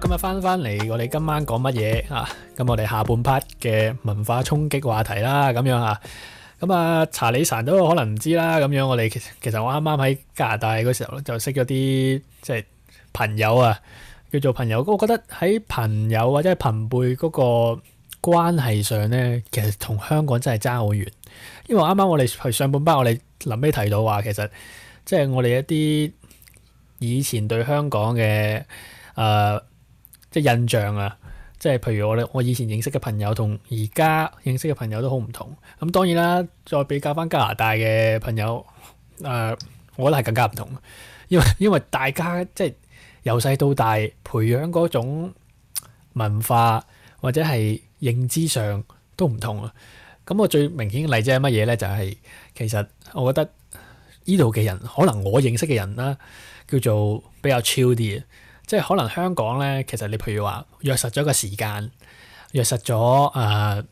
今日翻翻嚟，我哋今晚講乜嘢啊？咁我哋下半 part 嘅文化衝擊話題啦，咁樣啊。咁啊，查理神都可能唔知啦。咁樣我哋其實，其實我啱啱喺加拿大嗰時候就識咗啲即係朋友啊，叫做朋友。我我覺得喺朋友或者係朋輩嗰個關係上咧，其實同香港真係差好遠。因為啱啱我哋係上半 part，我哋臨尾提到話，其實即係我哋一啲以前對香港嘅誒、呃即係印象啊！即係譬如我哋我以前認識嘅朋友同而家認識嘅朋友都好唔同。咁當然啦，再比較返加拿大嘅朋友，誒、呃，我覺得係更加唔同。因為因為大家即係由細到大培養嗰種文化或者係認知上都唔同啊。咁我最明顯嘅例子係乜嘢咧？就係、是、其實我覺得呢度嘅人，可能我認識嘅人啦，叫做比較 chill 啲嘅。即係可能香港咧，其實你譬如話約實咗個時間，約實咗誒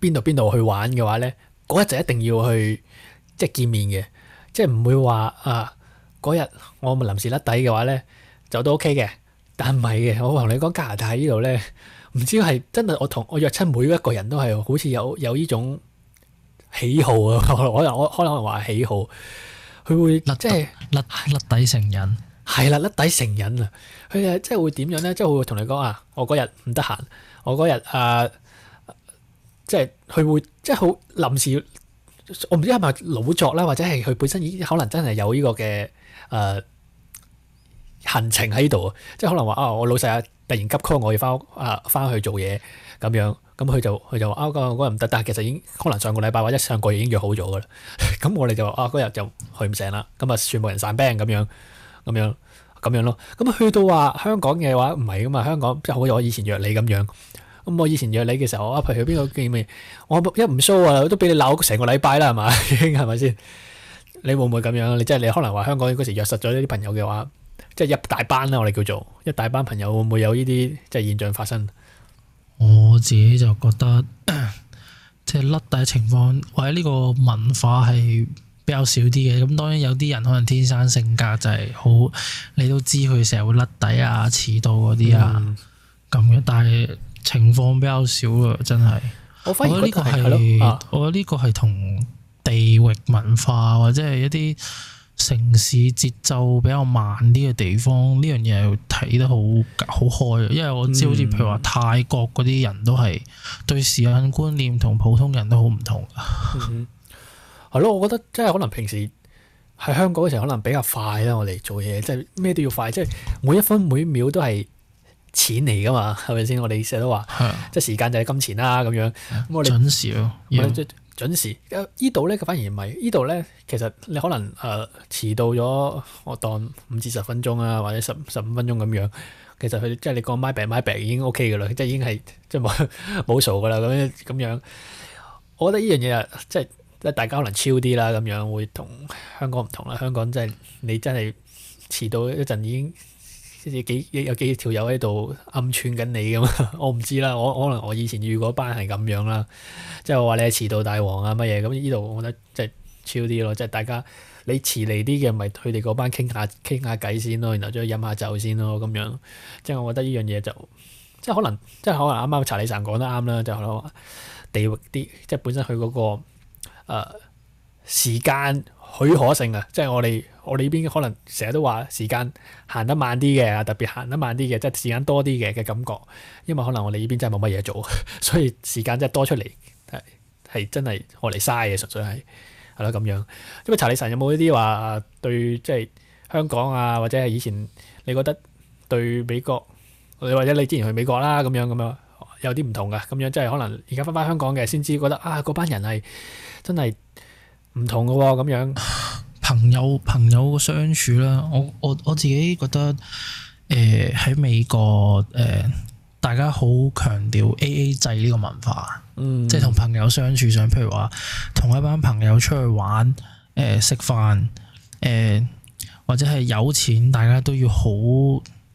邊度邊度去玩嘅話咧，嗰日就一定要去即係見面嘅，即係唔會話啊嗰日我咪臨時甩底嘅話咧就都 OK 嘅，但係唔係嘅，我同你講加拿大呢度咧，唔知係真係我同我約親每一個人都係好似有有呢種喜好啊，我又 我可能話喜好，佢會即係甩甩底成癮。係啦，甩底成癮啊！佢啊，即係會點樣咧？即係會同你講啊，我嗰日唔得閒，我嗰日啊，即係佢會即係好臨時。我唔知係咪老作啦，或者係佢本身已經可能真係有呢個嘅誒行程喺度啊！即係可能話啊，我老細啊突然急 call 我要翻屋啊，翻去做嘢咁樣。咁佢就佢就話啊，嗰日唔得，但係其實已經可能上個禮拜或者上個月已經約好咗噶啦。咁我哋就話啊，嗰日就去唔成啦。咁啊，全部人散 band 咁樣。咁樣咁樣咯，咁去到話香港嘅話唔係噶嘛，香港即係好似我以前約你咁樣，咁、嗯、我以前約你嘅時候，我、啊、譬如邊個見面，我一唔 show 啊，都俾你鬧成個禮拜啦，係嘛，已經係咪先？你會唔會咁樣？你即係你可能話香港嗰時約實咗啲朋友嘅話，即係一大班啦，我哋叫做一大班朋友，會唔會有呢啲即係現象發生？我自己就覺得，即係甩底情況或者呢個文化係。比較少啲嘅，咁當然有啲人可能天生性格就係好，你都知佢成日會甩底啊、遲到嗰啲啊，咁樣、嗯，但係情況比較少啊，真係。我，我覺得呢個係，我覺得呢個係同地域文化、啊、或者係一啲城市節奏比較慢啲嘅地方，呢樣嘢睇得好好開啊。因為我知好似、嗯、譬如話泰國嗰啲人都係對時間觀念同普通人都好唔同。嗯 係咯，我覺得即係可能平時喺香港嘅時候可能比較快啦。我哋做嘢，即係咩都要快，即係每一分每秒都係錢嚟，噶嘛，係咪先？我哋成日都話，的即係時間就係金錢啦、啊、咁樣。啊、我哋準時咯、啊，我哋準時。呢度咧，佢反而唔係呢度咧。其實你可能誒遲、呃、到咗，我當五至十分鐘啊，或者十十五分鐘咁樣。其實佢即係你個 my back my back 已經 OK 噶啦，即係已經係即係冇冇傻噶啦咁樣咁樣。我覺得呢樣嘢啊，即係。即係大家可能超啲啦，咁樣會同香港唔同啦。香港真係你真係遲到一陣已經，即係幾有幾條友喺度暗串緊你咁。我唔知啦，我可能我以前遇嗰班係咁樣啦。即係我話你係遲到大王啊乜嘢咁？依度我覺得即係超啲咯。即係大家你遲嚟啲嘅，咪佢哋嗰班傾下傾下偈先咯，然後再飲下酒先咯咁樣。即係我覺得呢樣嘢就即係可能即係可能啱啱查理神講得啱啦，就可能話地域啲，即係本身佢嗰個。誒、呃，時間許可性啊，即係我哋我哋呢邊可能成日都話時間行得慢啲嘅，特別行得慢啲嘅，即係時間多啲嘅嘅感覺，因為可能我哋呢邊真係冇乜嘢做，所以時間真係多出嚟係真係我嚟嘥嘅，純粹係係咯咁樣。因為查理神有冇一啲話對即係香港啊，或者係以前你覺得對美國，你或者你之前去美國啦咁樣咁樣有啲唔同噶？咁樣即係可能而家翻返香港嘅先知覺得啊，嗰班人係。真係唔同嘅咁、哦、樣朋，朋友朋友嘅相處啦，我我我自己覺得，誒、呃、喺美國誒、呃，大家好強調 A A 制呢個文化，嗯、即係同朋友相處上，譬如話同一班朋友出去玩，誒食飯，誒、呃、或者係有錢，大家都要好，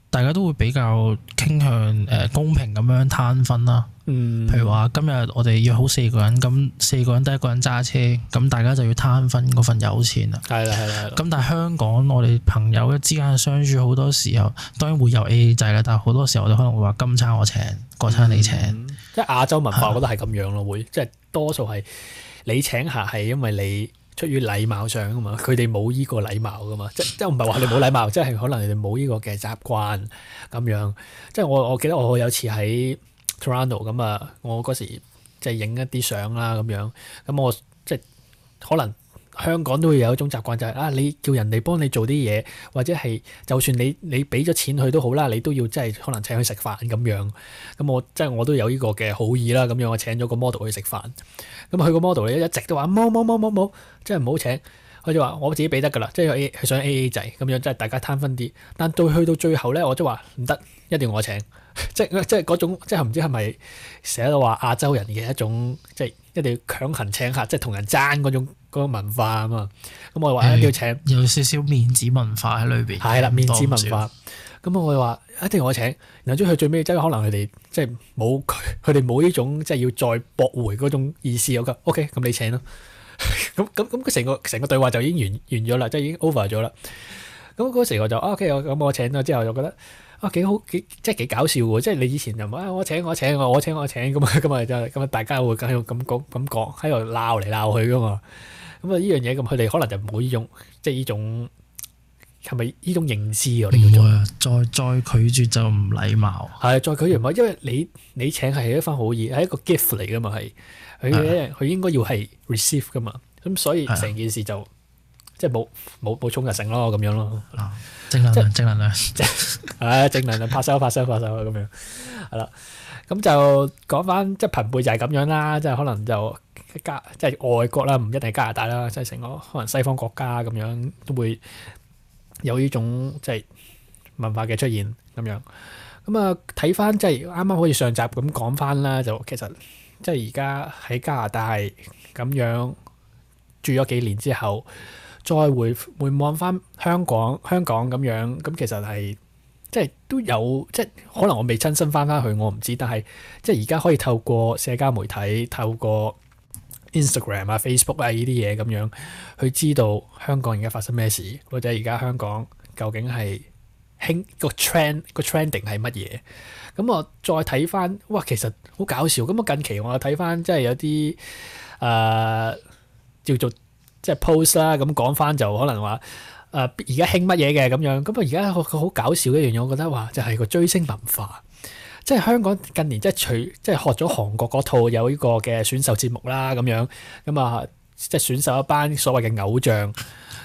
大家都會比較傾向誒、呃、公平咁樣攤分啦。嗯、譬如話今日我哋約好四個人，咁四個人得一個人揸車，咁大家就要攤分嗰份油錢啦。係啦，係啦。咁但係香港我哋朋友之間嘅相處，好多時候當然會有 A A 制啦，但係好多時候我哋可能會話今餐我請，嗰餐你請。嗯、即係亞洲文化覺得係咁樣咯，會即係多數係你請客係因為你出於禮貌上噶嘛，佢哋冇依個禮貌噶嘛，即係即唔係話你冇禮貌，的即係可能你哋冇依個嘅習慣咁樣。即係我我記得我有次喺。Toronto 咁啊，我嗰時即係影一啲相啦咁樣，咁我即係可能香港都會有一種習慣就係啊，你叫人哋幫你做啲嘢，或者係就算你你俾咗錢佢都好啦，你都要即係可能請佢食飯咁樣。咁我即係我都有呢個嘅好意啦，咁樣我請咗個 model 去食飯。咁去個 model 咧一直都話冇冇冇冇冇，即係唔好請。佢就話我自己俾得㗎啦，即係佢想 AA 制咁樣，即係大家攤分啲。但到去到最後咧，我都話唔得，一定要我請。即係即係嗰種，即係唔知係咪寫到話亞洲人嘅一種，即係一定要強行請客，即係同人爭嗰種、嗰個、文化啊嘛。咁我話一定要請，有少少面子文化喺裏邊。係啦、嗯，面子文化。咁我話一定我請。然後之後最尾即係可能佢哋即係冇，佢哋冇呢種即係要再駁回嗰種意思。我講 OK，咁你請咯。咁咁咁，佢、嗯、成、嗯、個成個對話就已經完完咗啦，即係已經 over 咗啦。咁嗰時我就 OK，咁我，我請咗之後我就覺得啊、哦、幾好幾即係幾搞笑喎！即係你以前就話啊、哎、我請我請我我請我請咁啊咁啊就咁啊，大家會喺度咁講咁講，喺度鬧嚟鬧去噶嘛，咁啊呢樣嘢，咁佢哋可能就唔會呢種即係呢種係咪呢種認知啊？唔會啊！再再拒絕就唔禮貌。係再拒絕唔好，因為你你請係一番好意，係一個 gift 嚟噶嘛，係佢佢應該要係 receive 噶嘛。咁、啊、所以成件事就。啊即係冇冇冇衝日程咯，咁樣咯、啊，正能量即正，正能量，唉，正能量拍手拍手拍手啊！咁樣係啦，咁就講翻即係貧輩就係咁樣啦，即係可能就加即係外國啦，唔一定係加拿大啦，即係成個可能西方國家咁樣都會有呢種即係文化嘅出現咁樣。咁啊睇翻即係啱啱好似上集咁講翻啦，就其實即係而家喺加拿大係咁樣住咗幾年之後。再回回，回望翻香港香港咁樣，咁其實係即係都有，即係可能我未親身翻翻去我唔知，但係即係而家可以透過社交媒體、透過 Instagram 啊、Facebook 啊呢啲嘢咁樣去知道香港而家發生咩事，或者而家香港究竟係興個 trend 個 trending 係乜嘢？咁我再睇翻，哇，其實好搞笑咁啊！近期我睇翻即係有啲誒、呃、叫做。即係 post 啦，咁講翻就可能話，誒而家興乜嘢嘅咁樣，咁啊而家好搞笑一樣嘢，我覺得話就係個追星文化，即係香港近年即係除即係學咗韓國嗰套有呢個嘅選秀節目啦咁樣，咁啊即係選秀一班所謂嘅偶像，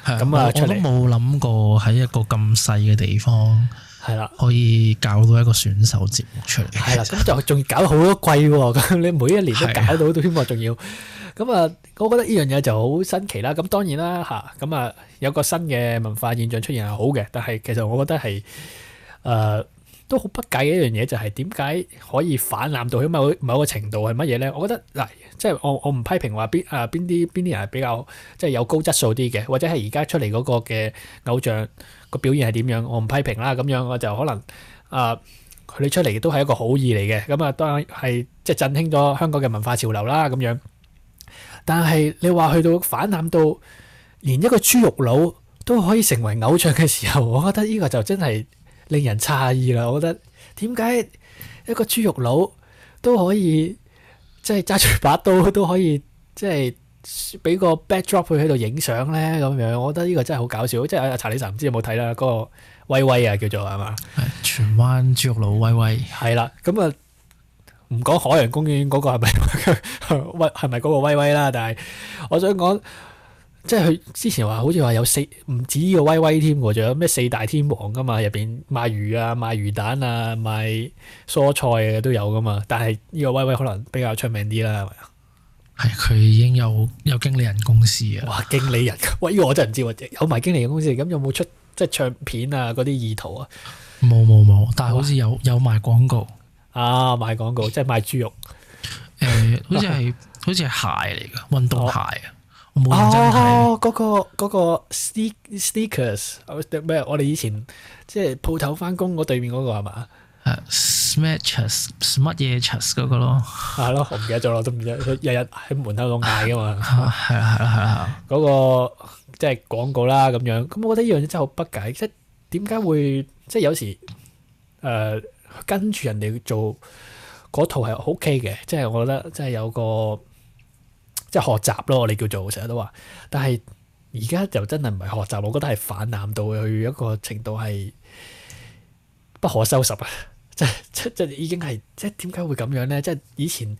係啊的，我都冇諗過喺一個咁細嘅地方，係啦，可以搞到一個選秀節目出嚟，係啦，咁就仲搞好多季喎，咁你每一年都搞到都的希望仲要。咁啊，我覺得呢樣嘢就好新奇啦。咁當然啦，嚇咁啊，有個新嘅文化現象出現係好嘅。但係其實我覺得係誒都好不解嘅一樣嘢，就係點解可以泛濫到某某個程度係乜嘢咧？我覺得嗱，即係我我唔批評話邊啊邊啲邊啲人係比較即係有高質素啲嘅，或者係而家出嚟嗰個嘅偶像個表現係點樣，我唔批評啦。咁樣我就可能啊佢哋出嚟都係一個好意嚟嘅。咁啊，當然係即係振興咗香港嘅文化潮流啦。咁樣。但係你話去到反諷到連一個豬肉佬都可以成為偶像嘅時候，我覺得呢個就真係令人詫異啦！我覺得點解一個豬肉佬都可以即係揸住把刀都可以即係俾個 backdrop 去喺度影相咧咁樣？我覺得呢個真係好搞笑！即係阿查理神唔知有冇睇啦，嗰個威威啊叫做係嘛？荃灣豬肉佬威威係啦，咁啊～唔講海洋公園嗰個係咪威係咪嗰個威威啦？但係我想講，即係佢之前話好似話有四，唔止呢個威威添喎，仲有咩四大天王噶嘛？入邊賣魚啊、賣魚蛋啊、賣蔬菜啊都有噶嘛？但係呢個威威可能比較出名啲啦，係咪啊？係佢已經有有經理人公司啊？哇，經理人喂呢個我真係唔知喎，有埋經理人公司咁有冇出即係唱片啊嗰啲意圖啊？冇冇冇，但係好似有有賣廣告。啊！賣廣告即係賣豬肉，誒、欸，好似係 好似係鞋嚟嘅運動鞋、哦、我鞋啊！哦、那個，嗰、那個嗰個 stick stickers，咩？我哋以前即係鋪頭返工嗰對面嗰個係嘛、啊、smatchers，乜 sm 嘢 chers 嗰個咯？係 咯、啊，我唔記得咗咯，都唔記得。日日喺門口度嗌㗎嘛。係啦，係啦，係啦，嗰個即係廣告啦咁樣。咁我覺得呢樣嘢真係好不解，即係點解會即係有時誒？啊 跟住人哋做嗰套係 O K 嘅，即係我覺得即係有個即係學習咯，我哋叫做成日都話。但係而家就真係唔係學習，我覺得係泛濫到去一個程度係不可收拾啊！即係即即已經係即係點解會咁樣咧？即係以前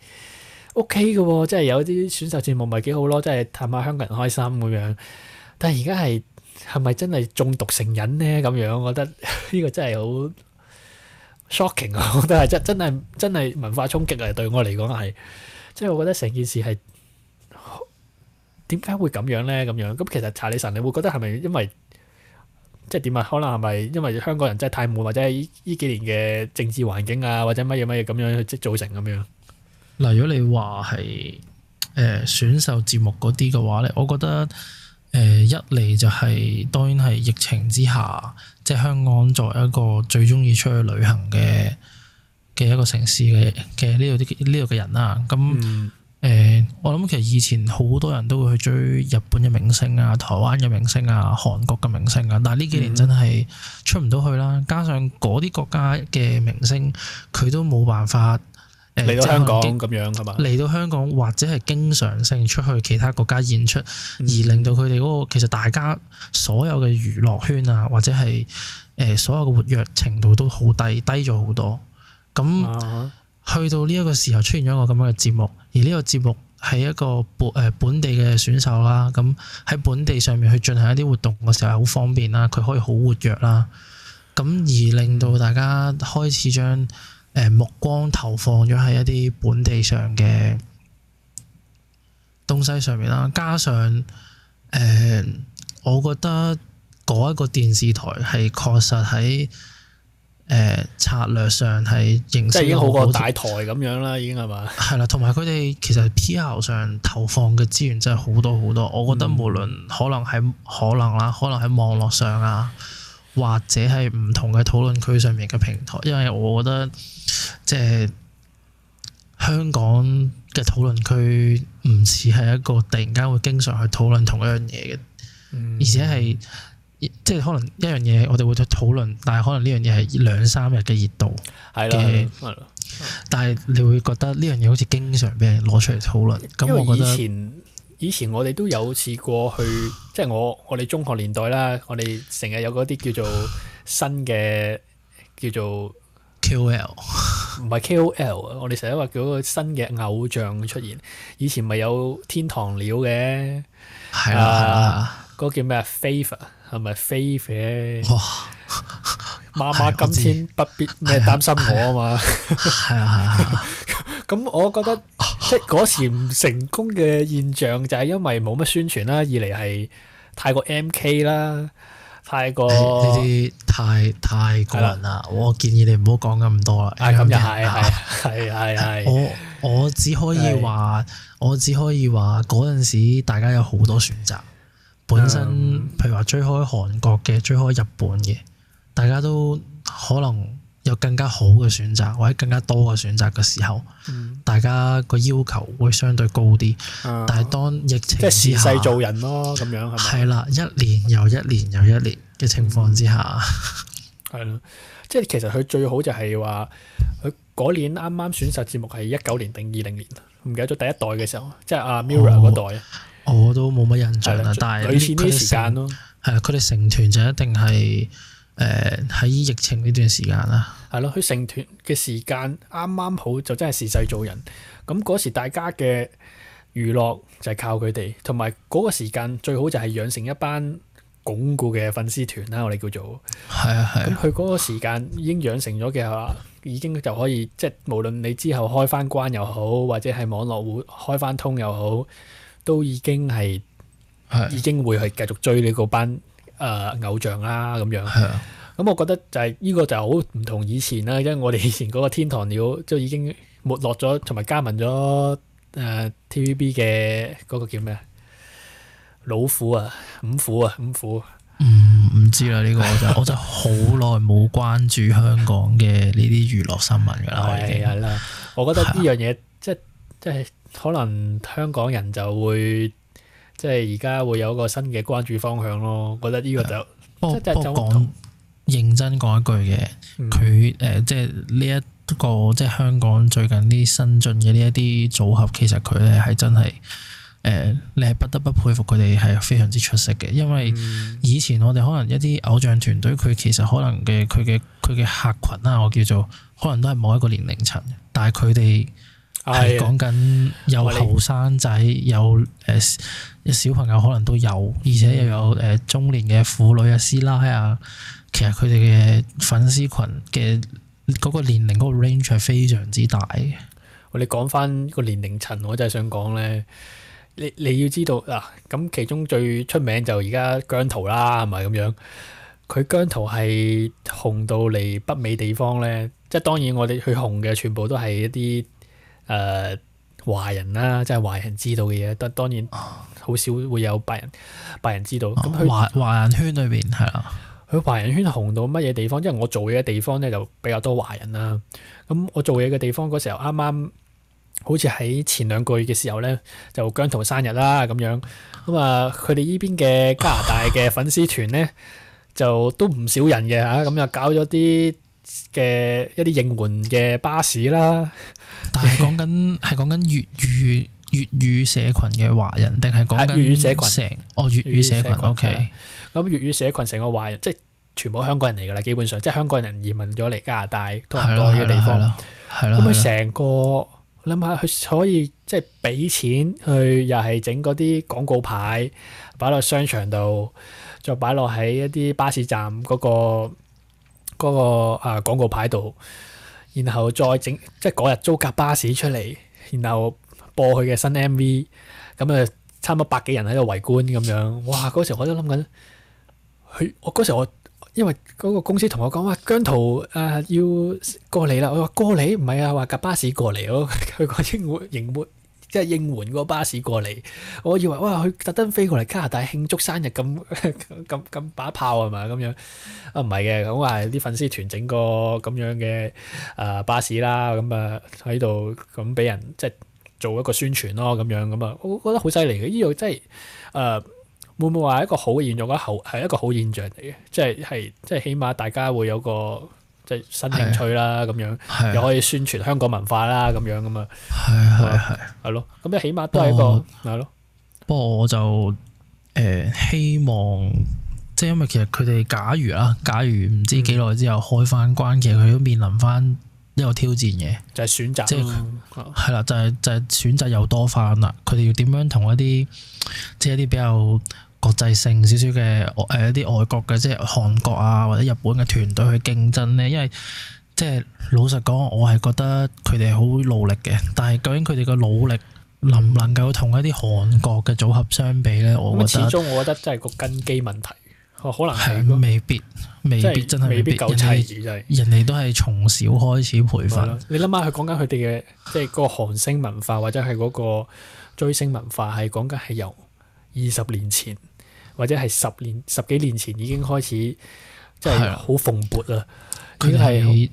O K 嘅，即係有啲選秀節目咪幾好咯，即係探下香港人開心咁樣。但係而家係係咪真係中毒成癮咧？咁樣我覺得呢個真係好。shocking 我 覺得係真真係真係文化衝擊嚟，對我嚟講係，即係我覺得成件事係點解會咁樣呢？咁樣。咁其實查理神，你會覺得係咪因為即係點啊？可能係咪因為香港人真係太悶，或者係呢幾年嘅政治環境啊，或者乜嘢乜嘢咁樣去即係造成咁樣？嗱，如果你話係誒選秀節目嗰啲嘅話咧，我覺得。誒、呃、一嚟就係、是、當然係疫情之下，即係香港作為一個最中意出去旅行嘅嘅一個城市嘅嘅呢度啲呢度嘅人啦、啊。咁誒、嗯呃，我諗其實以前好多人都會去追日本嘅明星啊、台灣嘅明星啊、韓國嘅明星啊，但係呢幾年真係出唔到去啦。嗯、加上嗰啲國家嘅明星，佢都冇辦法。嚟到香港咁樣係嘛？嚟、呃、到香港，到香港或者係經常性出去其他國家演出，嗯、而令到佢哋嗰個其實大家所有嘅娛樂圈啊，或者係誒、呃、所有嘅活躍程度都好低低咗好多。咁、啊、去到呢一個時候出現咗一個咁樣嘅節目，而呢個節目係一個本誒、呃、本地嘅選手啦。咁喺本地上面去進行一啲活動嘅時候，好方便啦，佢可以好活躍啦。咁而令到大家開始將目光投放咗喺一啲本地上嘅東西上面啦，加上誒、呃，我覺得嗰一個電視台係確實喺誒、呃、策略上係即係已經好過大台咁樣啦，已經係嘛？係啦，同埋佢哋其實 PR 上投放嘅資源真係好多好多，我覺得無論可能係、嗯、可能啦，可能喺網絡上啊。或者係唔同嘅討論區上面嘅平台，因為我覺得即係香港嘅討論區唔似係一個突然間會經常去討論同一樣嘢嘅，而且係即係可能一樣嘢我哋會去討論，但係可能呢樣嘢係兩三日嘅熱度，係咯，但係你會覺得呢樣嘢好似經常俾人攞出嚟討論，咁我覺得。以前我哋都有試過去，即係我我哋中學年代啦，我哋成日有嗰啲叫做新嘅叫做 KOL，唔係 KOL 啊，K OL. OL，我哋成日話叫個新嘅偶像出現。以前咪有天堂鳥嘅，係啊，嗰、啊、吧個叫咩啊？Favorite 係咪 Favorite？ 媽媽今天不必咩擔心我啊嘛，係啊係啊。咁我覺得即係嗰時唔成功嘅現象就係因為冇乜宣傳啦，二嚟係太過 MK 啦，太過呢啲太太過人啦。啊、我建議你唔好講咁多啦。啊咁又係係係係。我我只可以話，我只可以話嗰陣時大家有好多選擇。嗯、本身譬如話追開韓國嘅，追開日本嘅。大家都可能有更加好嘅選擇，或者更加多嘅選擇嘅時候，嗯、大家個要求會相對高啲。啊、但係當疫情、啊，即係時勢做人咯，咁樣係咪？係啦，一年又一年又一年嘅情況之下，係咯、嗯。即係其實佢最好就係話，佢嗰年啱啱選秀節目係一九年定二零年，唔記得咗第一代嘅時候，即係阿 Mira 嗰代我，我都冇乜印象啦。了但係佢成，係啊，佢哋成團就一定係。嗯誒，喺、呃、疫情呢段時間啦、啊，係咯，佢成團嘅時間啱啱好就真係時勢造人。咁嗰時大家嘅娛樂就係靠佢哋，同埋嗰個時間最好就係養成一班鞏固嘅粉絲團啦。我哋叫做係啊係。咁佢嗰個時間已經養成咗嘅話，已經就可以即係無論你之後開翻關又好，或者係網絡會開翻通又好，都已經係係已經會去繼續追你嗰班。誒、呃、偶像啦咁樣，咁、啊嗯、我覺得就係、是、呢、這個就好唔同以前啦，因為我哋以前嗰個天堂鳥即係已經沒落咗，同埋加盟咗誒、呃、TVB 嘅嗰個叫咩啊，老虎啊，五虎啊，五虎啊，嗯唔知啦呢、這個就我， 我就好耐冇關注香港嘅呢啲娛樂新聞㗎啦，係啦、 啊啊，我覺得呢樣嘢即即係可能香港人就會。即係而家會有一個新嘅關注方向咯，覺得呢個就的是不過講，認真講一句嘅，佢誒、呃、即係呢一個即係香港最近啲新進嘅呢一啲組合，其實佢咧係真係誒、呃，你係不得不佩服佢哋係非常之出色嘅。因為以前我哋可能一啲偶像團隊，佢其實可能嘅佢嘅佢嘅客群啊，我叫做可能都係某一個年齡層，但係佢哋係講緊有後生仔有誒。有呃小朋友可能都有，而且又有誒中年嘅婦女啊、師奶啊，其實佢哋嘅粉絲群嘅嗰個年齡嗰個 range 係非常之大嘅。我你講翻個年齡層，我就係想講咧，你你要知道嗱，咁、啊、其中最出名就而家姜濤啦，係咪咁樣？佢姜濤係紅到嚟北美地方咧，即係當然我哋去紅嘅全部都係一啲誒。呃華人啦，即係華人知道嘅嘢，但當然好少會有白人白人知道。咁華、哦、他華人圈裏邊係啊，佢華人圈紅到乜嘢地方？因為我做嘢嘅地方咧就比較多華人啦。咁我做嘢嘅地方嗰時候啱啱，好似喺前兩個月嘅時候咧，就姜濤生日啦咁樣。咁啊，佢哋依邊嘅加拿大嘅粉絲團咧， 就都唔少人嘅嚇。咁、啊、又搞咗啲。嘅一啲應援嘅巴士啦， 但係講緊係講緊粵語粵語社群嘅華人，定係講粵語社群哦粵語社群 OK。咁粵語社群成個華人，即係全部香港人嚟噶啦，基本上即係香港人移民咗嚟加拿大同內嘅地方，係啦。咁佢成個諗下佢可以即係俾錢去，又係整嗰啲廣告牌擺落商場度，再擺落喺一啲巴士站嗰個。嗰、那個誒、啊、廣告牌度，然後再整即係嗰日租架巴士出嚟，然後播佢嘅新 MV，咁啊差唔多百幾人喺度圍觀咁樣，哇！嗰時我都諗緊，佢我嗰時我因為嗰個公司同我講話姜濤誒、呃、要過嚟啦，我話過嚟唔係啊，話架巴士過嚟我佢個應沒應沒。 即係應援個巴士過嚟，我以為哇，佢特登飛過嚟加拿大慶祝生日咁咁咁把炮係嘛咁樣？啊唔係嘅，咁話啲粉絲團整個咁樣嘅啊、呃、巴士啦，咁、嗯、啊喺度咁俾人即係做一個宣傳咯咁樣咁啊、嗯，我覺得好犀利嘅呢樣真係誒、呃、會唔會話一個好嘅現象咧？好係一個好現象嚟嘅，即係係即係起碼大家會有個。新興趣啦，咁樣的又可以宣傳香港文化啦，咁的樣咁啊，係係係，係咯的，咁你的起碼都係一個係咯。我的不過我就誒、呃、希望，即、就、係、是、因為其實佢哋假如啊，假如唔知幾耐之後開翻關，嘅、嗯，佢都面臨翻一個挑戰嘅，就係選擇，係啦、就是嗯，就係就係選擇又多翻啦。佢哋要點樣同一啲即係一啲比較國際性少少嘅誒一啲外國嘅，即係韓國啊或者日本嘅團隊去競爭呢？因為即係老實講，我係覺得佢哋好努力嘅，但係究竟佢哋嘅努力能唔能夠同一啲韓國嘅組合相比呢？我覺得始終，我覺得真係個根基問題，可能係未必未必真係未必夠差人哋，即係，都係從小開始培訓。你諗下佢講緊佢哋嘅，即係個韓星文化或者係嗰個追星文化，係講緊係由二十年前，或者係十年十幾年前已經開始，即係好蓬勃啊！佢哋係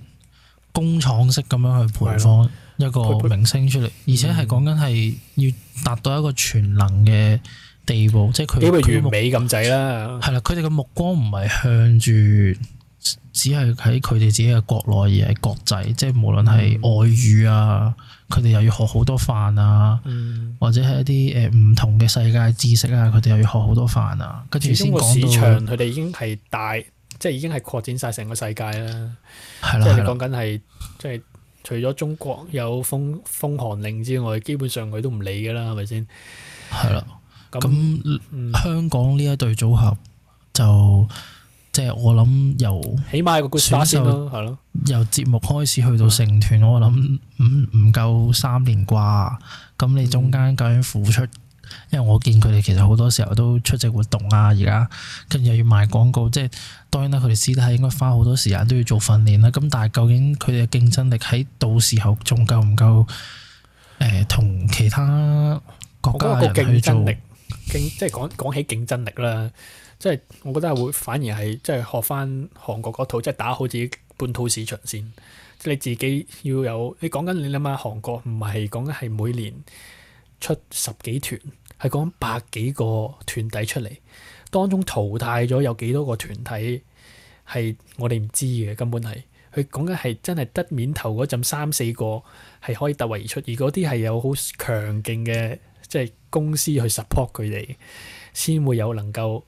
工廠式咁樣去培訓一個明星出嚟，的而且係講緊係要達到一個全能嘅地步，嗯、即係佢完美咁仔啦。係啦，佢哋嘅目光唔係向住，只係喺佢哋自己嘅國內，而係國際，即係無論係外語啊。嗯佢哋又要學好多範啊，嗯、或者係一啲誒唔同嘅世界知識啊，佢哋又要學好多範啊，跟住先講到佢哋已經係大，即係已經係擴展晒成個世界啦。的即係你講緊係，即係的除咗中國有封封韓令之外，基本上佢都唔理噶啦，係咪先？係啦，咁香港呢一隊組合就。即係我諗，起由起碼個 good 係咯。由節目開始去到成團，的我諗唔唔夠三年啩。咁、嗯、你中間究竟付出？因為我見佢哋其實好多時候都出席活動啊，而家跟住又要賣廣告，即係當然啦。佢哋私底下應該花好多時間都要做訓練啦。咁但係究竟佢哋嘅競爭力喺到時候仲夠唔夠？誒、呃，同其他國家嘅競爭力即係講講起競爭力啦。即係我覺得係會反而係即係學翻韓國嗰套，即係打好自己本土市場先。即係你自己要有你講緊，你諗下韓國唔係講緊係每年出十幾團，係講百幾個團體出嚟，當中淘汰咗有幾多個團體係我哋唔知嘅，根本係佢講緊係真係得面頭嗰陣三四個係可以突圍而出，而嗰啲係有好強勁嘅即係公司去 support 佢哋，先會有能夠。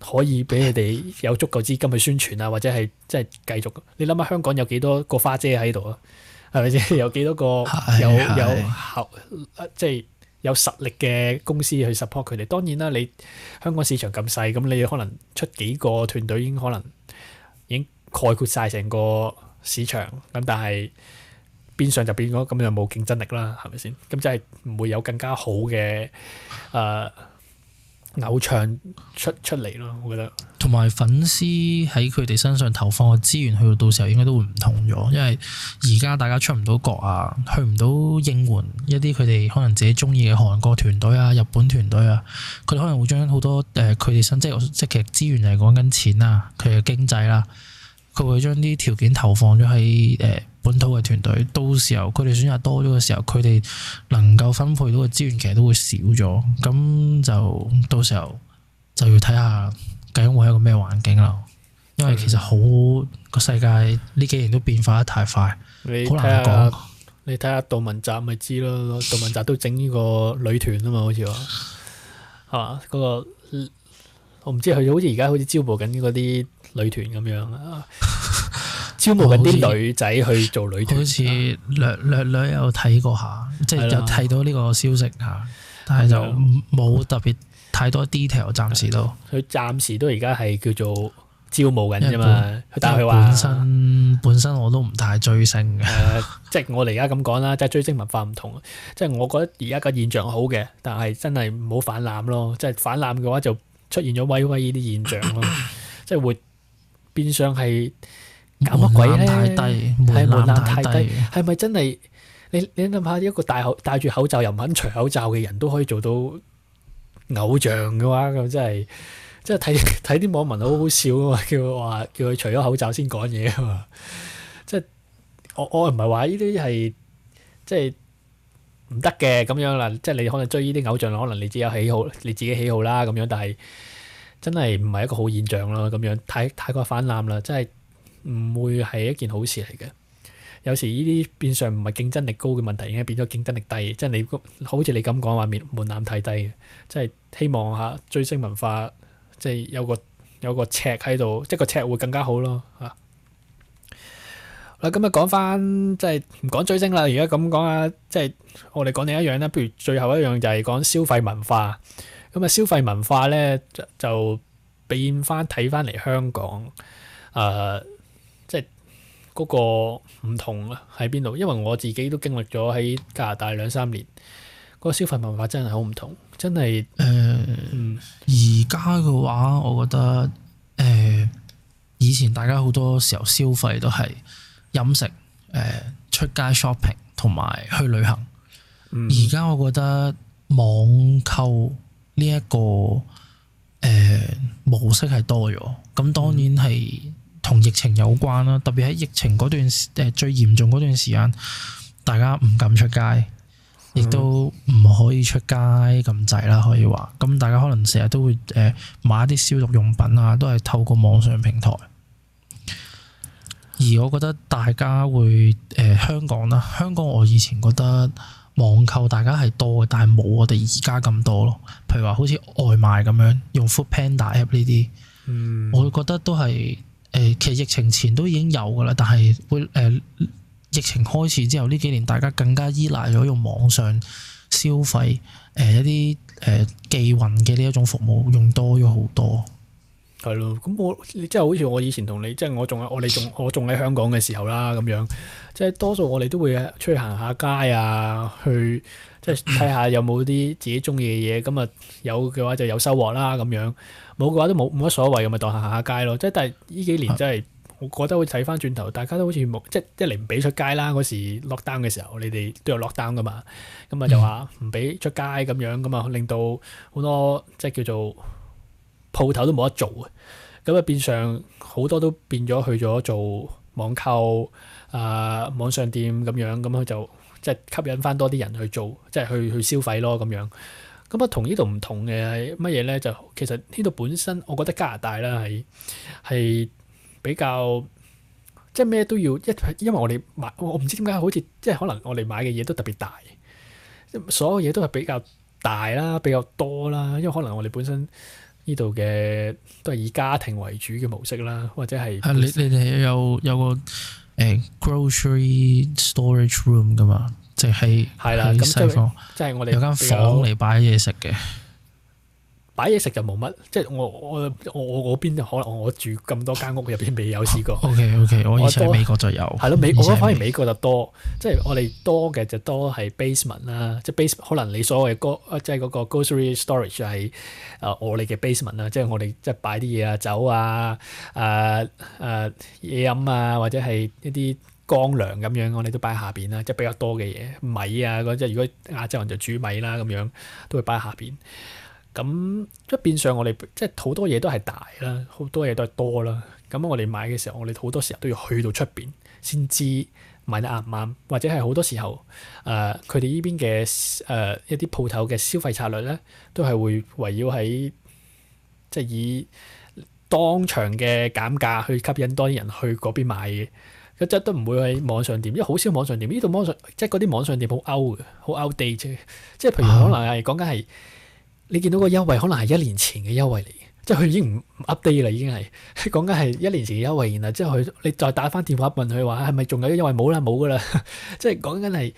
可以俾你哋有足夠資金去宣傳啊，或者係即係繼續。你諗下香港有幾多個花姐喺度啊？係咪先有幾多個 有有 即係有實力嘅公司去 support 佢哋？當然啦，你香港市場咁細，咁你可能出幾個團隊已經可能已經概括晒成個市場。咁但係變相就變咗咁樣冇競爭力啦，係咪先？咁即係唔會有更加好嘅誒。呃偶像出出嚟咯，我覺得。同埋粉絲喺佢哋身上投放嘅資源，去到到時候應該都會唔同咗，因為而家大家出唔到國啊，去唔到應援一啲佢哋可能自己中意嘅韓國團隊啊、日本團隊啊，佢可能會將好多誒佢哋身即係即係其實資源嚟講緊錢啊、佢嘅經濟啦、啊，佢會將啲條件投放咗喺誒。呃本土嘅團隊，到時候佢哋選擇多咗嘅時候，佢哋能夠分配到嘅資源其實都會少咗，咁就到時候就要睇下究竟會係一個咩環境啦。因為其實好個世界呢幾年都變化得太快，好難講。你睇下杜汶澤咪知咯，杜汶澤都整呢個女團啊嘛，好似話係嘛嗰個，我唔知佢好似而家好似招募緊嗰啲女團咁樣啊。 招募緊啲女仔去做女仔，好似略略略有睇過下，嗯、即係有睇到呢個消息嚇，的但係就冇特別太多 detail，暫時都佢暫時都而家係叫做招募緊啫嘛。但係佢話本身本身我都唔太追星嘅、 呃，即係我哋而家咁講啦，即係追星文化唔同。即係我覺得而家個現象好嘅，但係真係唔好泛濫咯。即係泛濫嘅話，就出現咗威威呢啲現象咯。 即係會變相係。搞乜鬼呢？太低，係門檻太低，係咪真係？你你諗下，一個戴口戴住口罩又唔肯除口罩嘅人都可以做到偶像嘅話，咁真係，即係睇睇啲網民好好笑啊嘛，叫佢話叫佢除咗口罩先講嘢啊嘛。即係我我唔係話呢啲係即係唔得嘅咁樣啦，即係你可能追呢啲偶像，可能你自己有喜好，你自己喜好啦咁樣，但係真係唔係一個好現象咯，咁樣太太過泛濫啦，真係。唔會係一件好事嚟嘅。有時呢啲變相唔係競爭力高嘅問題，已經變咗競爭力低。即係你好似你咁講話，門門檻太低。即係希望嚇、啊、追星文化，即係有個有個尺喺度，即係個尺會更加好咯嚇。嗱咁啊，講翻即係唔講追星啦。而家咁講啊，即係我哋講另一樣啦。譬如最後一樣就係講消費文化。咁啊，消費文化呢，就，就變翻睇翻嚟香港誒。呃嗰個唔同啊喺邊度？因為我自己都經歷咗喺加拿大兩三年，嗰、那個消費文化真係好唔同，真係誒。而家嘅話，我覺得誒、呃、以前大家好多時候消費都係飲食、誒、呃、出街 shopping 同埋去旅行。而家、嗯、我覺得網購呢、這、一個誒、呃、模式係多咗，咁當然係。嗯同疫情有關啦，特別喺疫情嗰段時，誒、呃、最嚴重嗰段時間，大家唔敢出街，亦都唔可以出街咁滯啦。可以話咁，大家可能成日都會誒、呃、買一啲消毒用品啊，都係透過網上平台。而我覺得大家會誒、呃、香港啦，香港我以前覺得網購大家係多嘅，但係冇我哋而家咁多咯。譬如話好似外賣咁樣，用 Foodpanda app 呢啲，我、嗯、我覺得都係。誒其實疫情前都已經有㗎喇，但係會誒、呃、疫情開始之後呢幾年，大家更加依賴咗用網上消費誒、呃、一啲誒、呃、寄運嘅呢一種服務，用多咗好多。係咯，咁我即係好似我以前同你，即係我仲係我你仲我仲喺香港嘅時候啦，咁樣即係多數我哋都會出去行下街啊，去。即係睇下有冇啲自己中意嘅嘢，咁啊 有嘅話就有收穫啦咁樣，冇嘅話都冇冇乜所謂，咁咪當行下街咯。即係但係呢幾年真係，我覺得會睇翻轉頭，大家都好似冇即係一嚟唔俾出街啦。嗰時 lockdown 嘅時候，你哋都有 lockdown 噶嘛，咁啊就話唔俾出街咁樣噶嘛， 令到好多即係叫做鋪頭都冇得做嘅，咁啊變相好多都變咗去咗做網購啊、網上店咁樣，咁佢就。即係吸引翻多啲人去做，即係去去消費咯咁樣。咁啊，同呢度唔同嘅係乜嘢咧？就其實呢度本身，我覺得加拿大啦係係比較即係咩都要一，因為我哋買我唔知點解好似即係可能我哋買嘅嘢都特別大，所有嘢都係比較大啦，比較多啦。因為可能我哋本身呢度嘅都係以家庭為主嘅模式啦，或者係你你哋有有個。GROCERY STORAGE ROOM 㗎嘛，即係喺，係喇，喺西方，即係我哋有間房嚟擺嘢食嘅。擺嘢食就冇乜，即係我我我我邊可能我住咁多間屋入邊未有試過。O K O K，我以多前喺美國就有。係咯對美，我覺得反而美國就多，即係我哋多嘅就是多係 basement 啦，即係 basement, 可能你所謂嘅即係嗰個 grocery storage 就係誒我哋嘅 basement 啦，即係我哋即係擺啲嘢啊酒啊誒誒嘢飲啊，或者係一啲乾糧咁樣，我哋都擺喺下邊啦，即係比較多嘅嘢米啊，即係如果亞洲人就煮米啦、啊、咁樣，都會擺喺下邊。咁即係變相，我哋即係好多嘢都係大啦，好多嘢都係多啦。咁我哋買嘅時候，我哋好多時候都要去到出邊先知買得啱唔啱，或者係好多時候誒，佢哋依邊嘅誒一啲鋪頭嘅消費策略咧，都係會圍繞喺即係以當場嘅減價去吸引多啲人去嗰邊買嘅。即係都唔會喺網上店，因為好少網上店，呢度網上即係嗰啲網上店好 out 嘅，好 outdate 啫。即係譬如可能係講緊係。啊你見到個優惠可能係一年前嘅優惠嚟嘅，即係佢已經唔 update 啦，已經係講緊係一年前嘅優惠。然後之後佢，你再打翻電話問佢話係咪仲有啲優惠冇啦？冇噶啦，即係講緊係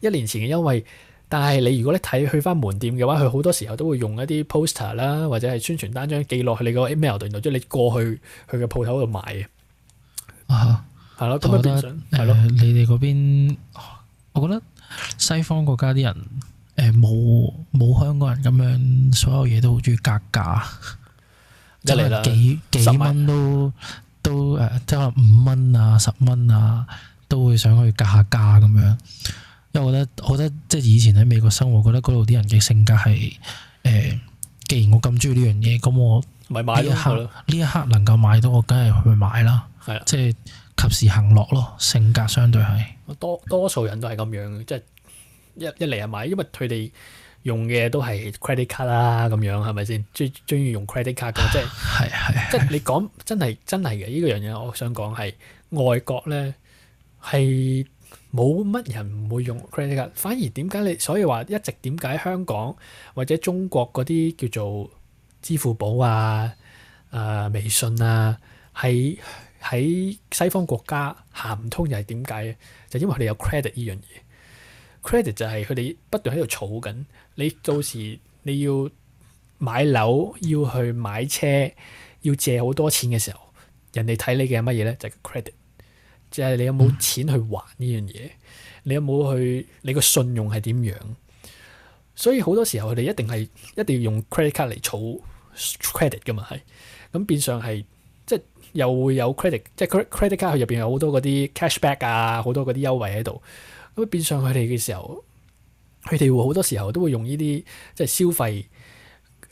一年前嘅優惠。但係你如果咧睇去翻門店嘅話，佢好多時候都會用一啲 poster 啦，或者係宣傳單張寄落去你個 email 度，即係你過去佢嘅鋪頭度買嘅。啊，咯，咁嘅、嗯、變相係咯。呃、的你哋嗰邊，我覺得西方國家啲人。誒，冇冇香港人咁樣，所有嘢都好中意格價元，即係幾幾蚊都都誒，即係可能五蚊啊，十蚊啊，都會想去格下價咁樣。因為我覺得，我覺得即係以前喺美國生活，覺得嗰度啲人嘅性格係誒、呃，既然我咁中意呢樣嘢，咁我呢一刻呢一刻能夠買到，我梗係去買啦。係的即係及時行樂咯，性格相對係多多數人都係咁樣嘅，即係。一一嚟啊買，因為佢哋用嘅都係 credit card 啦，咁樣係咪先？中中意用 credit card 嘅，即係係即係你講真係真係嘅呢個樣嘢，我想講係外國咧係冇乜人唔會用 credit card，反而點解你所以話一直點解香港或者中國嗰啲叫做支付寶啊、誒微信啊，喺喺西方國家行唔通又係點解？就因為佢哋有 credit 呢樣嘢。credit 就係佢哋不斷喺度儲緊，你到時你要買樓，要去買車，要借好多錢嘅時候，人哋睇你嘅乜嘢咧，就係 credit，即係你有冇錢去還呢樣嘢，你有冇去，你個信用係點樣？所以好多時候佢哋一定係一定要用 credit 卡嚟儲 credit 噶嘛，係咁變相係即係又會有 credit，即係 credit 卡佢入邊有好多嗰啲 cashback 啊，好多嗰啲優惠喺度。咁變相佢哋嘅時候，佢哋會好多時候都會用呢啲即係消費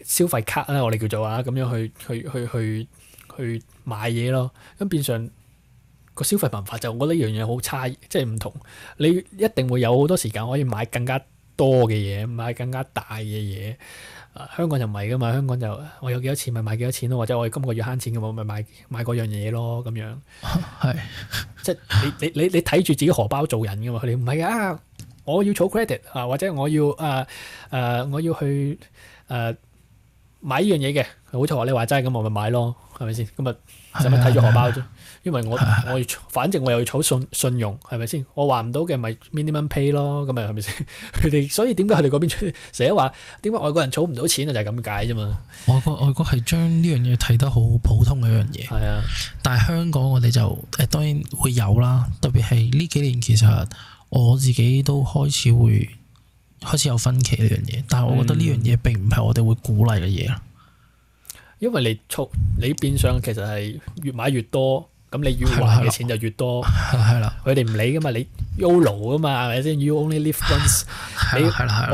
消費卡啦，我哋叫做啊，咁樣去去去去去買嘢咯。咁變相個消費文化就我覺得呢樣嘢好差，即係唔同。你一定會有好多時間可以買更加多嘅嘢，買更加大嘅嘢。啊、呃，香港就唔係噶嘛，香港就我有幾多錢咪買幾多錢咯，或者我今個月慳錢嘅我咪買買嗰樣嘢咯，咁樣。係， 即係你你你你睇住自己荷包做人噶嘛，佢哋唔係啊，我要儲 credit 啊、呃，或者我要啊誒、呃呃，我要去誒。呃買呢樣嘢嘅，好似話你話齋咁，我咪買咯，係咪先？咁咪使乜睇咗荷包啫？的因為我的我，反正我又要儲信信用，係咪先？我還唔到嘅咪 minimum pay 咯，咁咪係咪先？佢哋所以點解佢哋嗰邊成日話點解外國人儲唔到錢啊？就係咁解啫嘛。外國外國係將呢樣嘢睇得好普通嘅一樣嘢。係啊的，但係香港我哋就誒當然會有啦，特別係呢幾年其實我自己都開始會。開始有分歧呢樣嘢，但係我覺得呢樣嘢並唔係我哋會鼓勵嘅嘢啦。因為你從你變相，其實係越買越多，咁你越還嘅錢就越多，係啦。佢哋唔理噶嘛，你 yolo 噶嘛，係咪先？You only live once。你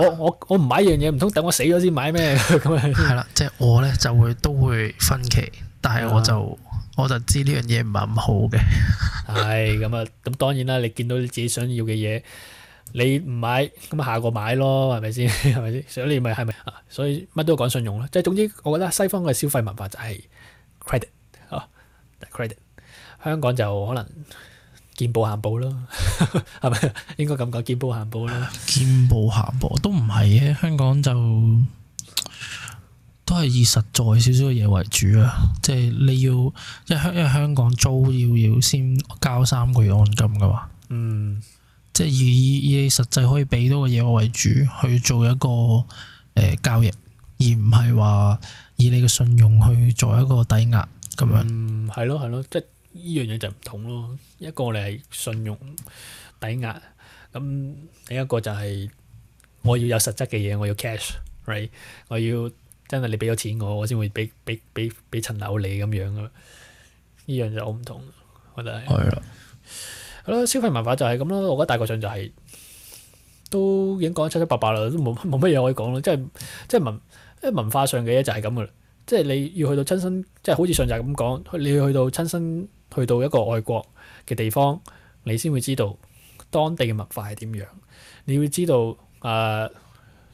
我我我唔買一樣嘢，唔通等我死咗先買咩？咁樣係啦，即係我咧就會都會分歧，但係我就我就知呢樣嘢唔係咁好嘅。係咁啊，咁當然啦，你見到你自己想要嘅嘢。你唔買，咁下個買咯，係咪先？係咪先？所以你咪係咪啊？所以乜都講信用啦。即係總之，我覺得西方嘅消費文化就係 credit 啊，credit。就係 credit，香港就可能見步行步咯，係咪應該咁講？見步行步咯，見步行步都唔係嘅。香港就都係以實在少少嘅嘢為主啊。即係你要，即係香因為香港租要要先交三個月按金噶嘛。嗯。即係以以你實際可以俾到嘅嘢我為主去做一個誒、呃、交易，而唔係話以你嘅信用去做一個抵押咁樣。嗯，係咯係咯，即係呢樣嘢就唔同咯。一個我哋係信用抵押，咁另一個就係我要有實質嘅嘢，我要 cash right，我要真係你俾咗錢我，我先會俾俾俾俾層樓你咁樣。呢樣就好唔同，我覺得係。係咯，消費文化就係咁咯。我覺得大概上就係、是、都已經講得七七八八啦，都冇冇乜嘢可以講咯。即係即係文即係文化上嘅嘢就係咁噶啦。即係你要去到親身，即係好似上集咁講，你要去到親身去到一個外國嘅地方，你先會知道當地嘅文化係點樣。你要知道誒、呃、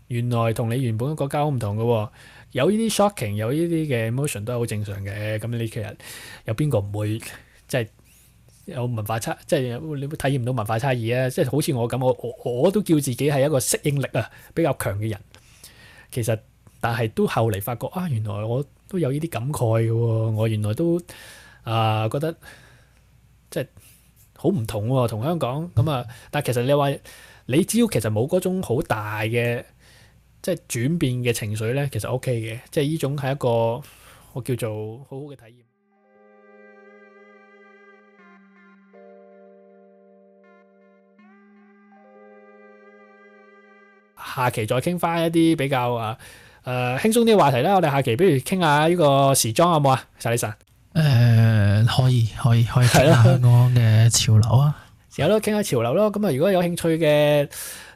原來同你原本嘅國家好唔同嘅喎，有呢啲 shocking，有呢啲嘅 emotion 都係好正常嘅。咁你其實有邊個唔會即係？有文化差，即係你會體驗唔到文化差異啊！即係好似我咁，我我我都叫自己係一個適應力啊比較強嘅人。其實，但係都後嚟發覺啊，原來我都有呢啲感慨嘅啊。我原來都啊覺得即係好唔同喎，同香港咁啊。但係其實你話你只要其實冇嗰種好大嘅即係轉變嘅情緒咧，其實 OK 嘅。即係呢種係一個我叫做好好嘅體驗。下期再傾翻一啲比較啊誒輕鬆啲嘅話題啦，我哋下期不如傾下呢個時裝好冇啊？謝你神。誒可以可以可以，傾下香港嘅潮流啊，然後 都傾下潮流咯。咁啊，如果有興趣嘅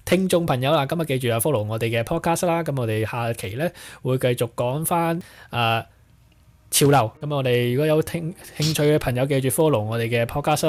聽眾朋友啊，今日記住啊，follow 我哋嘅 podcast 啦。咁我哋下期咧會繼續講翻啊。呃潮流。咁我哋如果有聽，興趣嘅朋友，記住 follow 我哋嘅 podcast